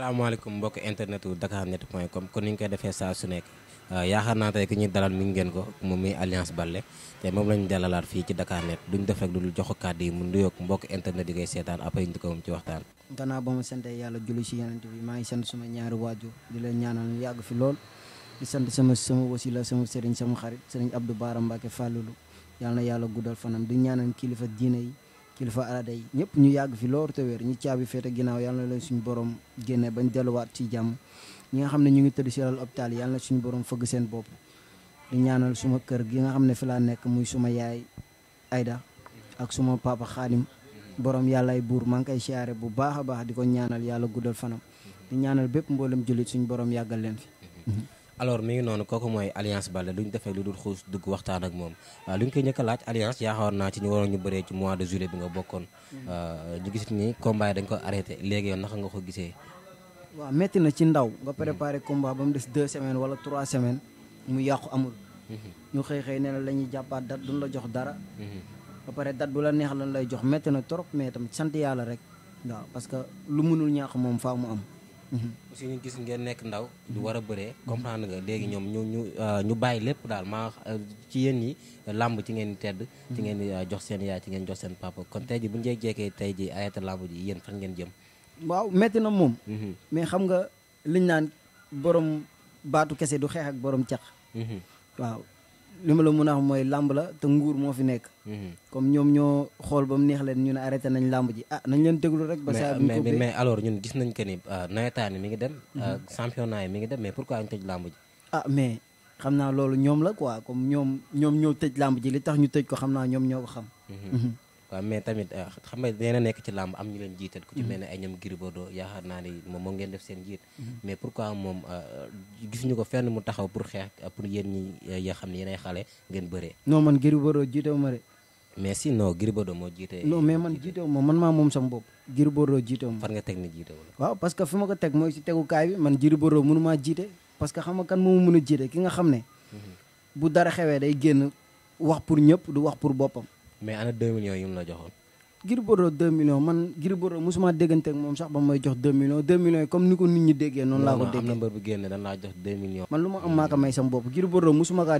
salaamaaleykum mbokk internet wu dakarnet.com kon ni ñu koy defee saa su nekk euh, yaakaar naa tey ki ñuy dalal mi ngeen ko moom muy Alliance Baldé te moom lañu dalalaat fii ci Dakarnet duñ def rek lu jox ko kàddu yi mu nuyoog mbokk internet yi koy seetaan après ñu ko ci waxtaan. gannaaw ba ma sant yàlla julli si yeneen bi maa ngi sant suma ñaari waajur di leen ñaanal yàgg fi lool di sant sama sama wasila sama sëriñ sama xarit sëriñ Abdou Bara Mbacke Fallulu yàlla na yàlla guddal fanam di ñaanal kilifa diine yi. kilifa aada yi ñëpp ñu yàgg fi loor te wér ñi caabi féete ginnaaw yàlla na leen suñu borom génne bañ delluwaat ci jàmm ñi nga xam ne ñu ngi tëdd si lal hôpital yàlla na suñu borom fëgg seen bopp di ñaanal suma kër gi nga xam ne fi laa nekk muy suma yaay ayda ak suma papa Xaadim borom ay buur maa ngi koy siyaare bu baax a baax di ko ñaanal yàlla guddal fanam di ñaanal bépp mboolem jullit suñu boroom yàggal leen fi. alors mi ngi noonu kooku mooy alliance Baldé lu ñu defee lu dul xuus dugg waxtaan ak moom euh, lu ñu koy njëkk a laaj alliance yaakaar naa ci ñu waroon ñu bëree ci mois de juillet bi nga bokkoon. Euh, ñu gis ni combat dañ ko arrêté léegi yow naka nga ko gisee. waaw métti na ci ndaw. nga préparé combat ba mu des 2 semaines wala trois semaines mu yàqu amul. Mhm. ñu xëy xëy nee la la ñuy jàppaat date duñ la jox dara. Mhm. ba pare date du la neex lan lay jox métti na trop mais tamit sant yàlla rek. waaw parce que lu mënul ñaax moom faa mu am. aussi ñu gis ngeen nekk ndaw du war a bëree comprendre nga léegi ñoom ñu ñu euh, ñu bàyyi lépp daal maa euh, ci yéen ñi làmb ci ngeen tedd ci ngeen euh, jox seen yaay ci ngeen jox seen papa kon tey ji bu ñu jékki-jékkee tey ji arrêté làmb ji yéen fan ngeen jëm waaw metti na moom mhm. mais xam nga liñ naan boroom baatu kese du xeex ak boroom caq mhm. waaw li ma la mën a mooy làmb la te nguur moo fi nekk. Mhm. comme ñoom ñoo xool ba mu neex leen ñu ne arrêté nañ làmb ji ah nañ leen déglu rek. ba saa ah, mais mais alors ñun gis nañ que ni ah, nawetaan yi mi ngi dem. Ah, mhm. championnat yi mi ngi dem mais pourquoi ñu tëj làmb ji. ah mais xam naa loolu ñoom la quoi comme ñoom ñoom ñoo tëj làmb ji li tax ñu tëj ko xam naa ñoom ñoo ko xam. Mhm. waaw mais tamit euh, xam nga nekk ci làmb am ñu leen jiital ku ci mel ne ay ñoom Gris Bordeaux yaakaar naa ni moom moo ngeen def seen jiit mm-hmm. mais pourquoi moom euh, gisuñu ko fenn mu taxaw pour xeex euh, pour yéen ñi yoo xam ne yéenay xale ngeen bëree non man Gris Bordeaux jiitewu ma de si non Gris Bordeaux moo jiite non mais man jiitewu ma man maa moom sama bopp Gris Bordeaux jiitewu ma nga teg ni jiitewu la waaw parce que fi ma ko teg mooy si tegukaay bi man Gris Bordeaux mënu maa jiite parce que xam nga kan moo mën a jiite ki nga xam ne mm-hmm. bu dara xewee day génn wax pour ñëpp du wax pour boppam mais ana 2 millions yi mu la joxoon. Gris Bordeaux 2 millions man Gris Bordeaux mosuma déggante moom sax ba may jox 2 millions 2 ni ko nit ma am maa ko may sam bopp Gris Bordeaux mosuma kaa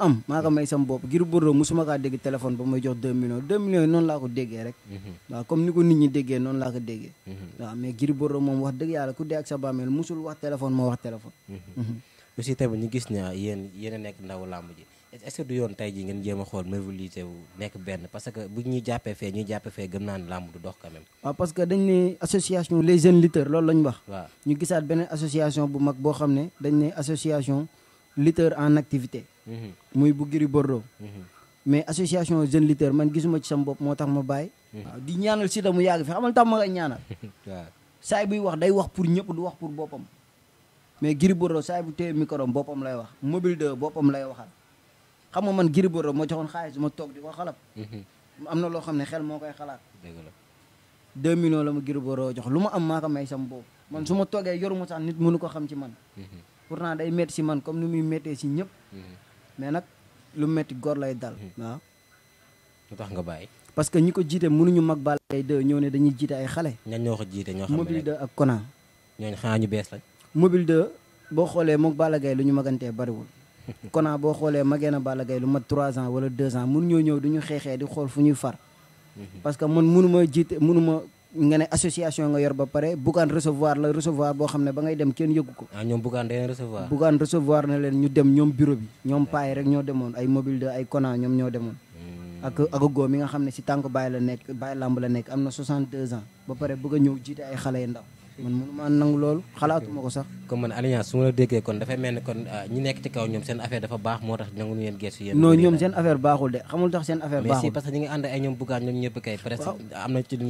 am maa ko may sam bopp Gris Bordeaux mosuma kaa dégg téléphone ba may jox 2 millions 2 millions yi noonu laa ko déggee rek. Mhm. waaw comme ni ko nit ñi déggee noonu laa ko déggee. Mhm. waaw mais Gris Bordeaux moom wax dëgg yàlla ku dee ak sa bàmmeel mosul wax téléphone moo wax téléphone. Mhm. a nekk est-ce que du yoon tey jii ngeen jéem a xool mobilité wu nekk benn parce que bu ñu jàppee fee ñu jàppee fee gëm naa ne làmb du dox quand parce que dañ ne association les jeunes lutteurs loolu la ñu wax. ñu gisaat beneen association bu mag boo xam ne dañ ne association lutteur en activité. Mhm. muy bu Gris Bordeaux. Mhm. mais association jeunes lutteurs man gisuma ci sama bopp moo tax ma bàyyi. Mhm. waaw di ñaanal Siteu mu yàgg fi xamal tax ma koy ñaanal. saay buy wax day wax pour ñëpp du wax pour boppam. mais Gris Bordeaux saay bu téye micro lay wax mobile de boppam lay waxal. xam nga man Gris Bordeaux moo joxoon xaalis ma toog di ko xalab mhm. am na loo xam ne xel moo koy xalaat dëgg la deux millions la ma Gris Bordeaux jox lu ma am maa ko may sam boobu man su ma toogee yoruma sax nit mënu ko xam ci man mhm. pourtant day métti si man comme ni muy méttee si ñëpp mhm. mais nag lu métti góor lay dal waaw lu tax nga bàyyi parce que ñi ko jiite mënuñu mag Balla Gaye 2 ñëw ne dañuy jiite ay xale ñan ñoo ko jiite ñoo xam ne mobile 2 ak Kona ñooñu xanaa ñu bees lañ mobile 2 boo xoolee moog Balla Gaye lu ñu magantee bariwul Kona boo xoolee magee na Balla Gaye lu mat 3 ans wala 2 ans mun ñoo ñëw du ñu xeexee di xool fu ñuy far. Mhm. parce que man mënuma jiite ma nga ne association nga yor ba pare bugaan recevoir la recevoir boo xam ne ba ngay dem kenn yëgu ko. ah ñoom bugaan day recevoir. bugaan recevoir na ñu dem ñoom bureau bi. ñoom paay rek ñoo demoon ay mobile de ay Kona ñoom ñoo demoon. Hmm. ak ak góom mi nga xam ne si tànk bàyyi la nekk bàyyi lamb la nekk am na 62 ans ba pare bëgg a ñëw ay xale yu ndaw. man mënuma nangu loolu xalaatuma ko sax comme man alliance su ma la déggee kon dafay mel ni kon ah, ñi nekk ci kaw ñoom seen affaire dafa baax moo tax nangu ñu leen geesu yéen non ñoom seen affaire baaxul de xamul tax seen affaire baaxul mais si parce que ñi ngi ànd ay ñoom bugaan ñoom ñëpp kay presque am na ci lu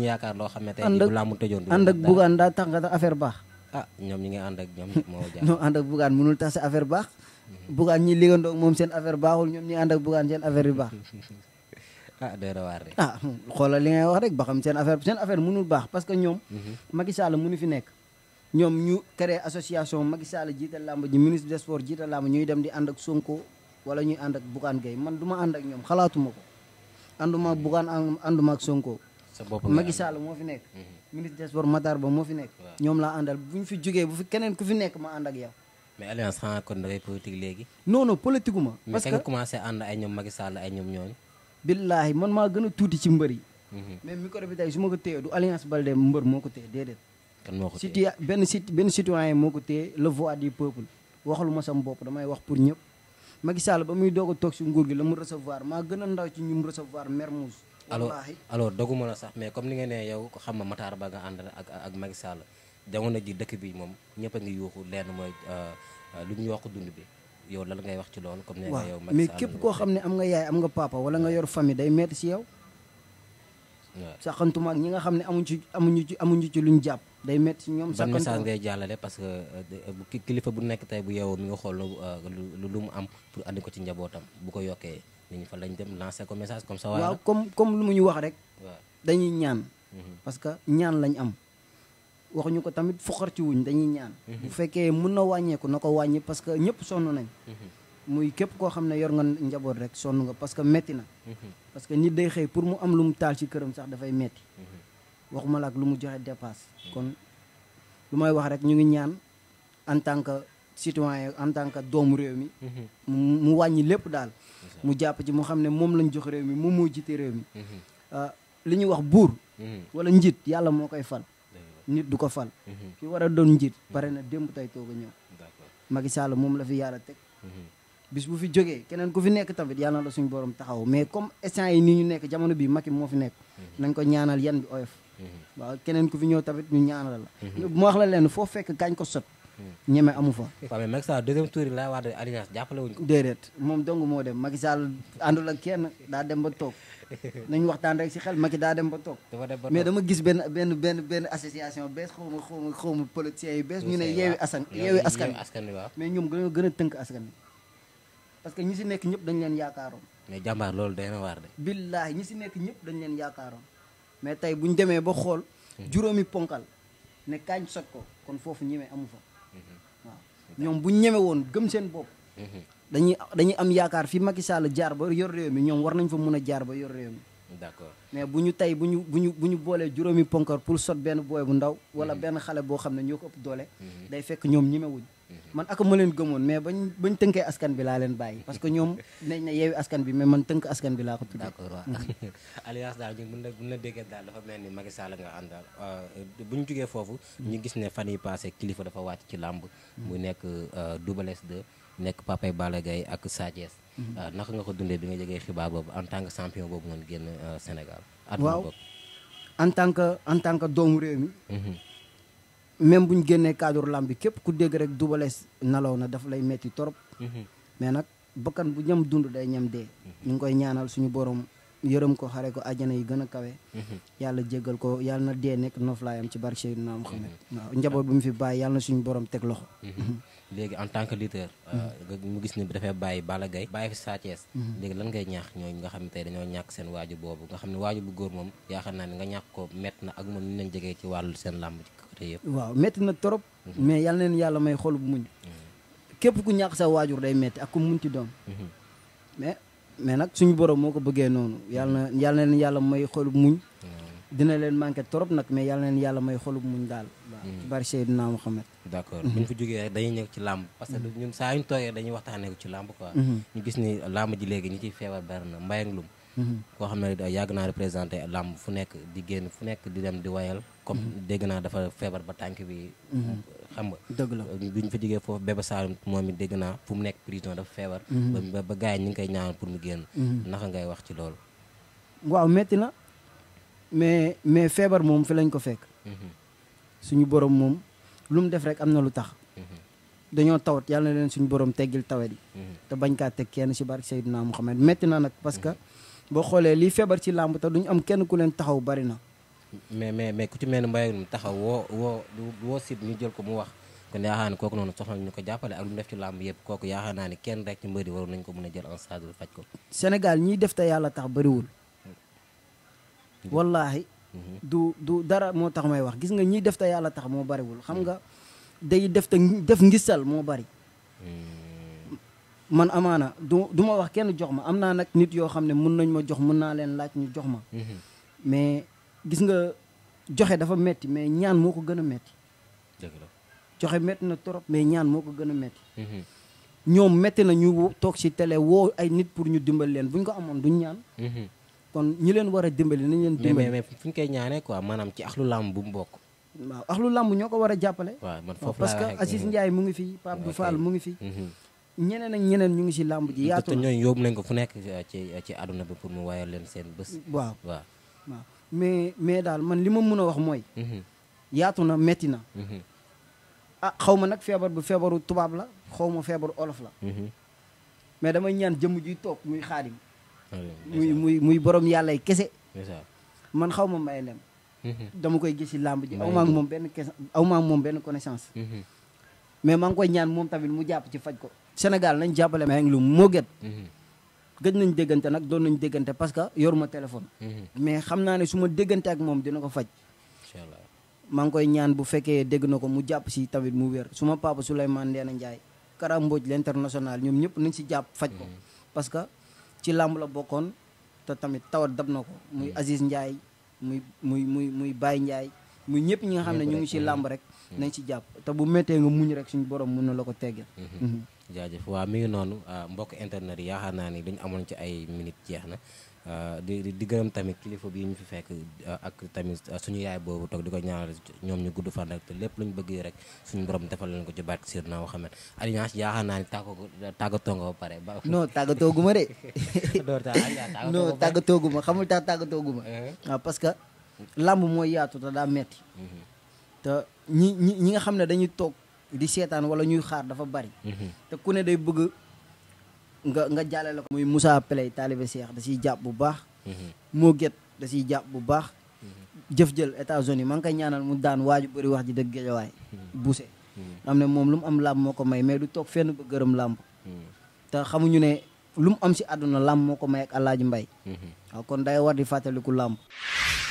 baax ah ñoom ñi ngi ànd ak ñoom moo ànd ak bugaan mënul tax sa affaire baax mm-hmm. bugaan ñi liggéeyandoo moom seen affaire baaxul ñoom ñi ànd ak bugaan seen affaire bi baax ah doy na waar ah, xoolal li ngay wax rek ba xam seen affaire seen affaire mënul baax parce que ñoom. Mhm. Macky Sall fi nekk. ñoom ñu créé association Macky Sall jiital làmb ji ministre des sports jiital làmb ñuy dem di ànd ak Sonko wala ñuy ànd ak Bougane Gueye man du ma ànd ak ñoom xalaatuma ko ànduma ak Bougane ànduma ak Sonko. sa bopp Macky Sall moo fi nekk. Mhm. ministre des sports Matar Ba moo fi nekk. ñoom laa àndal bu ñu fi jógee bu fi keneen ku fi nekk ma ànd ak yow. mais alliance xanaa kon da ngay politique léegi. non non politique ma. parce commencé ànd ay ñoom Macky Sall ay ñoom ñooñu. billaahi man maa gën a tuuti ci mbër yi. Mhm. mais micro bi tey su ma ko téyee du alliance Baldé mbër moo ko téye déedéet. kan moo ko téye benn cit benn citoyen moo ko téye la voix du peuple lu ma sam bopp damay wax pour ñëpp. Macky Sall ba muy doog a toog si nguur gi la mu recevoir maa gën a ndaw ci ñu mu recevoir Mermoz. alors alors doguma la sax mais comme ni nga nee yow xam nga Matar Ba nga ànd ak ak Macky Sall jamono ji dëkk bi moom ñëpp a ngi yuuxu lenn mooy euh, euh, lu ñuy wax dund bi. yow lan ngay wax ci loolu comme nee nga yow mais képp koo xam ne am nga yaay am nga papa wala nga yor famille day metti si yow sàqantuma ak ñi nga xam ne amuñ ci amuñu ci amuñu ci luñ jàpp day metti si ñoom ban message ngay jàllale parce que euh, kilifa bu nekk tey bu yeewoo mu nga xool euh, lu lu mu am pour andi ko ci njabootam bu ko yokkee ni ñu fa lañ dem lancé ko message comme sa waaw comme comme lu mu ñu wax rek dañuy ñaan mhm. parce que ñaan lañ am waxuñu ko tamit foqarti wuñ dañuy ñaan. Mhm. bu fekkee mun na wàññeeku na ko wàññi parce que ñëpp sonn nañ. Mhm. muy képp koo xam ne yor nga njaboot rek sonn nga parce que metti na. Mhm. parce que nit day xëy pour mu am lu mu taal ci këram sax dafay metti waxuma la ak lu mu joxe dépasse. kon lu may wax rek ñu ngi ñaan en tant que citoyen en tant que doomu réew mi. mu wàññi lépp daal. mu jàpp ci mu xam ne moom lañ jox réew mi moom moo jite réew mi. Euh, li ñuy wax buur. wala njiit yàlla moo koy fal. nit du ko fal. Mhm. ki war a doon njiit pare na démb tey toog a ñëw. Macky Sall moom la fi yàlla teg. Mhm. bis bu fi jógee keneen ku fi nekk tamit yàlla na la suñu borom taxaw mais comme instant yi nii ñu nekk jamono bii Macky moo fi nekk. Mhm. nañ ko ñaanal yan bi oyof. waaw keneen ku fi ñëw tamit ñu ñaanal la. mu wax la leen foo fekk kañ ko sot. ñeme amu fa. waaw mais Macky Sall deuxième tour yi laa wax de alliance jàppale wuñ ko. déedéet moom dong moo dem Macky Sall àndul a kenn daa dem ba toog nañu waxtaan rek si xel Macky daa dem ba toog. mais dama gis benn benn benn benn association bees xaw ma xaw ma xaw ma politicien yi bees. ñu ne yeewi askan yeewi askan mais ñoom gën a gën a tënk askan wi parce que ñi si nekk ñëpp dañ leen yaakaaroon. mais jàmbaar waar de. billaahi ñi si nekk ñëpp dañ leen yaakaaroon mais tey bu ñu demee ba xool. Hmm. juróomi ponkal ne kaañ sot ko kon foofu ñemee amu fa ñoom bu ñeme woon gëm seen bopp. Mhm. dañuy dañuy am yaakaar fi Macky Sall jaar ba yor réew mi ñoom war nañ fa mun a jaar ba yor réew mi. mais bu ñu tey bu ñu bu ñu bu ñu boolee juróomi ponkor pour sot benn booy bu ndaw. wala mhm. benn xale boo xam ne ñoo ko ëpp doole. Mhm. day fekk ñoom ñemewuñ man ak ma leen gëmoon mais bañ bañ tënkee askan bi laa leen bàyyi parce que ñoom nañ ne yeewi askan bi mais man tënk askan bi laa ko tudd d'accord daal ñu mën mën na déggee daal dafa mel ni Macky Sall nga àndal euh, bu ñu jógee foofu ñu gis ne fan yi passé kilifa dafa wàcc ci làmb mu nekk euh, Double Less de nekk Papay Balla Gaye ak Sa Thiès mhm. euh, naka nga ko dundee bi nga jógee xibaar boobu en tant que champion boobu noonu génn Sénégal at waaw en tant que en tant que doomu réew mi mhm. même bu ñu génnee cadre lamb bi képp ku dégg rek Double Less nalaw na dafa lay metti torop mhm. mais nag bakan bu ñam dund day ñam dee. Mhm. ñu ngi koy ñaanal suñu borom yërëm ko xare ko àjjana yi gën a kawe mhm. yàlla jéggal ko yàlla na dee nekk noflaayam ci barke Seydina Muhammad mhm. waaw njaboot bu mu fi bàyyi yàlla suñu boroom teg loxo mhm. léegi en tant que lutteur euh, mu gis ni dafay bàyyi Balla Gaye bàyyi fi Sa Thiès lan ngay ñaax ñoo nga xam ne tey dañoo ñàkk seen waaju boobu nga xam ne waaju bu góor moom yaakaar naa ne nga ñàkk ko mett na ak moom ni leen jegee ci wàllu seen làmb ci côté yëpp waaw métti na trop mais yàlla leen yàlla may xol bu muñ képp ku ñàkk sa waajur day metti ak ku munti doon mais nag suñu borom moo ko bëggee noonu yàlla na yàlla na leen yàlla may xolub muñ. dina leen manqué trop nag mais yàlla leen yàlla may xolub muñ daal. waaw hmm. ci bari Seydina Muhammad. d' mhm. ñu fa jógee rek dañuy nekk ci làmb. parce que ñun saa yu ñu toogee dañuy waxtaanee ci làmb quoi. Mhm. ñu gis ni làmb ji léegi ñu ciy feebar bari na mbay ak lum. Mhm. koo xam ne yàgg naa représenté làmb fu nekk di génn fu nekk di dem di wayal. comme dégg naa dafa feebar ba tànk bi. am nga dëgg la euh, bu ñu fa jógee foofu Bébé Saloum moom it dégg naa fu mu nekk prison dafa feebar mhm. ba ba gars ñu ngi koy ñaanal pour mu génn mhm. naka ngay wax ci loolu waaw metti na mais mais feebar moom fi lañ ko fekk mhm. suñu boroom moom lu mu def rek am na lu tax dañoo tawat yàlla leen suñu borom teggil tawet yi te bañ kaa teg kenn si ci barke Seydina Muhammad metti na nag parce que boo xoolee liy feebar ci làmb te duñu am kenn ku leen taxaw bari na mais mais mais ku ci mel ni mbayum taxaw woo woo woo sib ñu jël ko mu wax kon ne naa kooku noonu soxla ñu ko jàppale ak lu mu def ci làmb yëpp kooku yaakaar kenn rek ci mbëri waroon nañ ko mën a jël en charge faj ko Sénégal ñiy def te yàlla tax bëriwul mm-hmm. wallaahi mm-hmm. du du dara moo tax may wax gis nga ñiy def te yàlla tax moo bëriwul xam mm-hmm. nga day def te def ngisal moo bari man amaana du du ma wax kenn jox ma am naa nag nit yoo xam ne mun nañ ma jox mun naa leen laaj ñu jox ma mais gis nga joxe dafa metti mais ñaan moo ko gën a metti joxe metti na trop mais ñaan moo gën a mhm. ñoom metti na ñu toog si télé woo ay nit pour ñu dimbal leen bu ñu ko amoon duñ ñaan mhm. kon ñi leen war a dimbali nañ leen dimbali fu ñu koy ñaanee ko maanaam ci axlu làmb bu mu bokk waaw axlu làmb ñoo ko war a jàppale waaw man foofu parce que Aziz Ndiaye mu ngi fi Pape Dou Fall mu ngi fi mhm. ñeneen ak ñeneen ñu ngi si làmb ji yaatu ñooñu yóbbu nañ ko fu nekk euh, ci ci àdduna bi pour mu wayal leen seen bés waaw waaw mais mais daal man li ma mën a wax mooy. Mhm. yaatu na metti na. Mhm. a ah, xaw ma nag feebar bu feebaru tubaab la xaw ma feebaru olof la. Mhm. mais damay ñaan jëmm ji toog muy xaadim. muy muy borom yàlla yi kese. man xaw ma may lem dama koy gis si làmb ji aw ma ak moom benn kes aw ma moom benn connaissance. mais maa ngi koy ñaan moom tamit mu jàpp ci faj ko. Sénégal nañ jàppale. ma ngi lu moo gën. gëj nañ déggante nag doon nañ déggante parce que yoruma téléphone. Mm-hmm. mais xam naa ne su ma déggante ak moom dina ko faj. incha allah maa ngi koy ñaan bu fekkee dégg na ko mu jàpp si tamit mu wér su ma papa Souleymane Ndéné Ndiaye Kara Mbodj l'international ñoom ñëpp nañ si jàpp faj ko. Mm-hmm. parce que ci làmb la bokkoon te tamit tawat dab na ko. muy mm-hmm. Aziz Ndiaye muy muy muy muy Baye Ndiaye muy ñëpp ñi nga xam ne ñu ngi si làmb rek. nañ si jàpp te bu méttee nga muñ rek suñu borom mun na la ko teggeel. jaajëf waaw mi noonu ah, mbokk internet yi yaakaar naa ni dañu amoon ci ay minutes jeex na ah, di di gërëm tamit kilifa bi ñu fi fekk ah, ak tamit suñu yaay boobu toog di ko ñaanal ñoom ñu gudd fan rek te lépp lu ñu bëgg rek suñu borom defal leen ko ci barke sir naa xam ne alliance yaakaar naa ni tàggoo tàggatoo nga ba pare. non tàggatoo gu ma de. non tàggatoo gu ma xamul tax tàggatoo gu ma. Eh. parce que làmb mooy yaatu te daa metti mhm. ñi ñi nga xam ne dañuy toog. di seetaan wala ñuy xaar dafa bari mhm. te ku ne day bëgg nga nga jàllale ko muy Moussa Play taalibe Seex da siy jàpp bu baax moo mhm. get da siy jàpp bu baax mhm. jëf jël États-Unis maa ngi koy ñaanal mu daan waaju bari wax ji dëgg géejawaay buse xam ne moom lu mu am làmb moo ko may mais du toog fenn ba gërëm làmb te xamuñu ne lu mu am si àdduna làmb moo ko may allaaj Mbay waaw day war di fàttaliku làmb